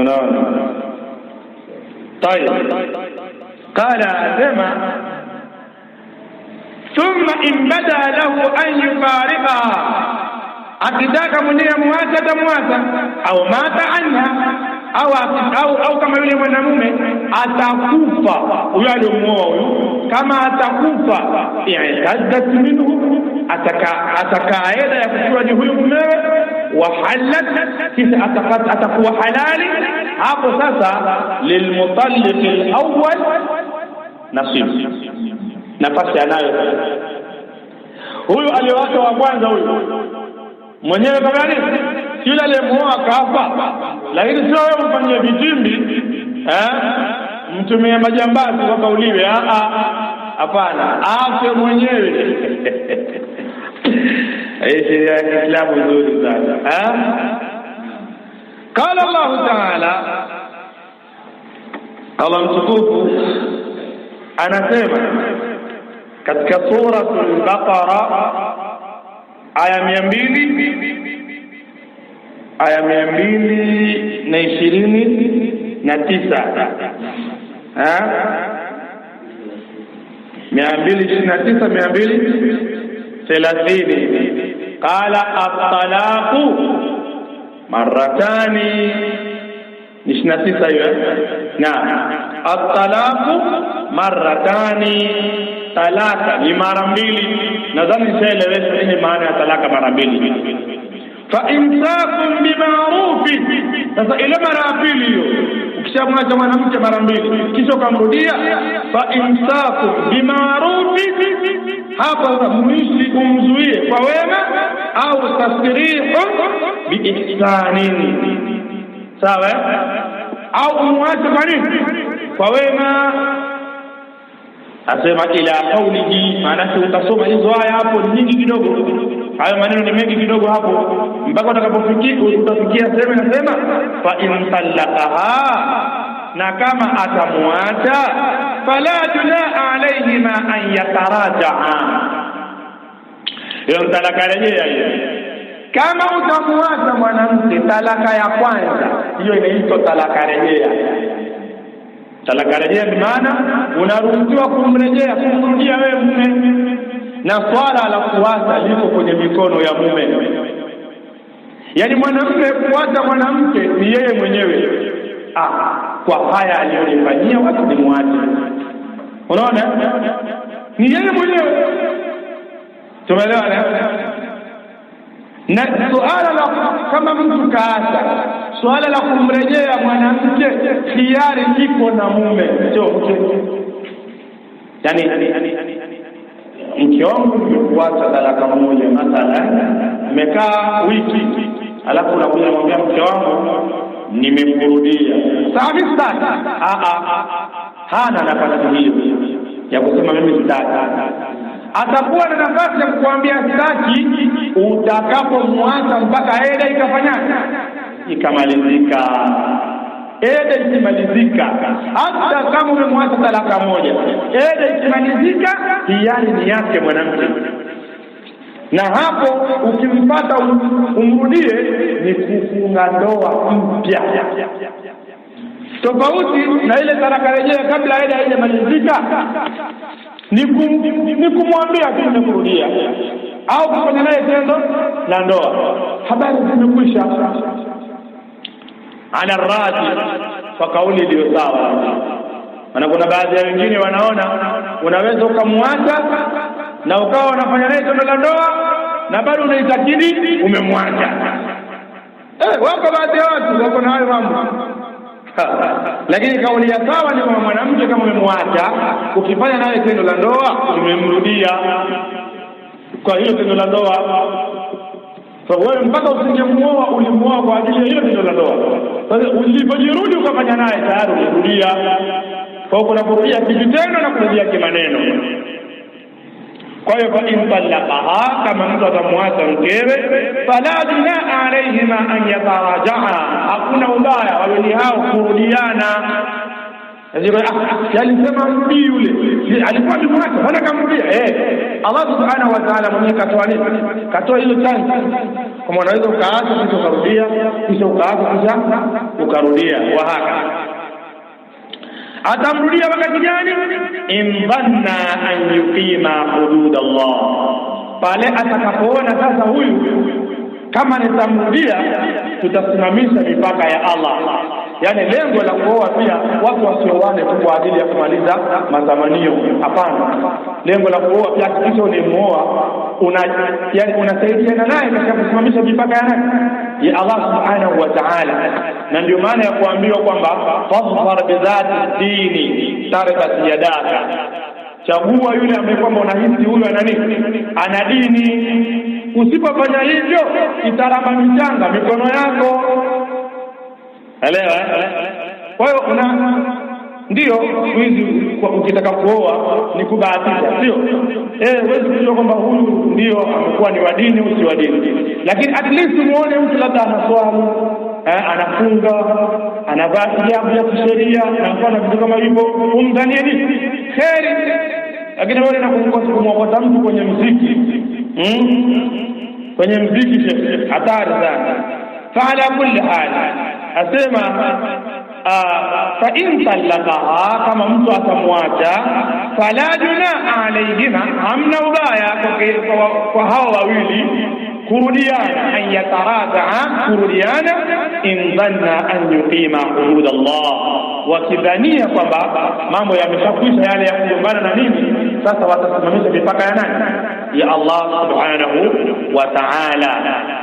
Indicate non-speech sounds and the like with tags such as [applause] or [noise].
unaona tayeb qala asema thumma in bada lahu an yufarigha akitaka mwenyewe amwacha atamwacha au mata anha au, au, au kama yule mwanamume atakufa huyo aliomuoa huyu kama atakufa irtaddat minhu atakaa hela ya kuchua juhudi wa halat, kisha atakuwa halali. Hapo sasa lilmutalliq alawwal nasib, nafasi anayo huyu aliyowaka wa kwanza, huyu mwenyewe kama nini, yule aliyemuoa kafa, lakini sio wewe mfanyie vitimbi eh? mtumie majambazi mpaka uliwe. Ah, ah. Hapana, afe mwenyewe [laughs] أي شيء الإسلام وزود هذا ها قال الله تعالى الله مسكوك أنا سيما كتك صورة البقرة آية ميمبيلي آية ميمبيلي نيشيريني نتيسة ها ميمبيلي شنتيسة ميمبيلي ثلاثيني Qala at-talaqu marratani ni ishirini na tisa hiyo eh? na at-talaqu marratani, talaka ni mara mbili. Nadhani nishaelewesha nini maana ya talaka mara mbili. Fa imsakun bima'rufi. Sasa ile mara ya pili hiyo ukishamwacha mwanamke mara mbili kisha ukamrudia, fa imsakun bima'rufi hapa utamwishi umzuie kwa wema au tasrihu biihsanin, sawa, eh? au umwache kwa nini? Kwa wema. Asema ila qaulihi, maanake utasoma hizo haya hapo nyingi kidogo, hayo maneno ni mengi kidogo hapo, mpaka utakapofikia utafikia sehemu inasema fa in talaqaha, na kama atamwacha fala junaha alaihima an yatarajaa. Hiyo talaka rejea Kama utamuwaza mwanamke talaka ya kwanza, hiyo inaitwa talaka rejea. Talaka rejea ni maana unaruhusiwa kumrejea, kumrudia wewe mume, na swala la kuwaza liko kwenye mikono ya mume. Yaani mwanamke kuwaza mwanamke ni yeye mwenyewe. Ah, kwa haya aliyonifanyia, wasimwache Unaona, ni yeye mwenyewe. Tumeelewana na suala la kama mtu kaasa, suala la kumrejea mwanamke hiari kiko na mume, sio mke. Yani mke wangu kuacha talaka moja, mathalan amekaa wiki, alafu unakuja kumwambia mke wangu nimekurudia. Sawa, ah, ah, ah, hana nafasi hiyo ya kusema mimi sitaki, atakuwa na nafasi ya kukuambia sitaki, utakapomwacha mpaka eda ikafanya ikamalizika. Eda ikimalizika, hata kama umemwacha talaka moja, eda ikimalizika, hiari ni yake mwanamke na hapo ukimpata um-, umrudie, ni kufunga ndoa mpya tofauti na ile talaka rejea kabla ile haijamalizika ni kumwambia tu nimekurudia au kufanya naye tendo la ndoa, habari zimekwisha. Ana radhi kwa kauli iliyo sawa, maana kuna baadhi ya wengine wanaona unaweza ukamwacha na ukawa unafanya naye tendo la ndoa na bado unaitakidi umemwacha. Eh, wako baadhi ya watu wako na hayo mambo lakini kauli ya sawa ni kwamba mwanamke kama umemwacha, ukifanya naye tendo la ndoa umemrudia kwa hiyo tendo la ndoa. So wewe mpaka usingemwoa, ulimuoa kwa ajili ya hiyo tendo la ndoa. Sasa ulipojirudi ukafanya naye, tayari umerudia. Kwa hiyo kuna kurudia kivitendo na kurudia kimaneno. Kwa hiyo fa in talaqaha, kama mtu atamwacha mkewe, fala junaa alaihima an yatarajaa, hakuna ubaya wawili hao kurudiana. Yaani ah, Alisema mbii yule, alikuwa amemwacha, mbona kamrudia? Eh, Allah subhanahu wa ta'ala mwenyewe katoa nini? Katoa hiyo chance kama unaweza ukaacha kisha ukarudia, kisha ukaacha kisha ukarudia, wahaka atamrudia wakati gani? in an yuqima hudud Allah, pale atakapoona sasa huyu kama nitamrudia, tutasimamisha mipaka ya Allah. Yaani lengo la kuoa pia watu wasioane tu kwa ajili ya kumaliza matamanio, hapana. Lengo la kuoa pia hakikisha unamuoa una, yani unasaidiana naye katika kusimamisha mipaka ya nani ya Allah subhanahu wa ta'ala, na ndio maana ya kuambiwa kwamba fadhfar bidhati dini tarbati yadaka, chagua yule ambaye kwamba unahisi huyo ana nini, ana dini. Usipofanya hivyo itaramba michanga mikono yako, elewa. Eh? Kwa hiyo kuna Ndiyo, wizi. ukitaka kuoa ni kubahatisha, sio eh? Huwezi kujua kwamba huyu ndio amekuwa ni wadini au si wadini, lakini at least muone mtu labda anaswali, eh, anafunga, anavaa hijabu ya kisheria na mfano vitu kama hivyo, umdhanie ni kheri. Lakini wewe unakumbuka kumwokota mtu kwenye mziki, hmm? kwenye mziki, hatari sana. Faala kulli hal, asema فإن طلقها kama mtu atamwacha fala juna alaihima, hamna ubaya kwa hao wawili kurudiana, an yataradaa, kurudiana in dhanna an yuqima hudud Allah, wakidhania kwamba mambo yameshakwisha yale ya kugombana na nini, sasa watasimamisha mipaka ya nani? Ya Allah subhanahu wa ta'ala.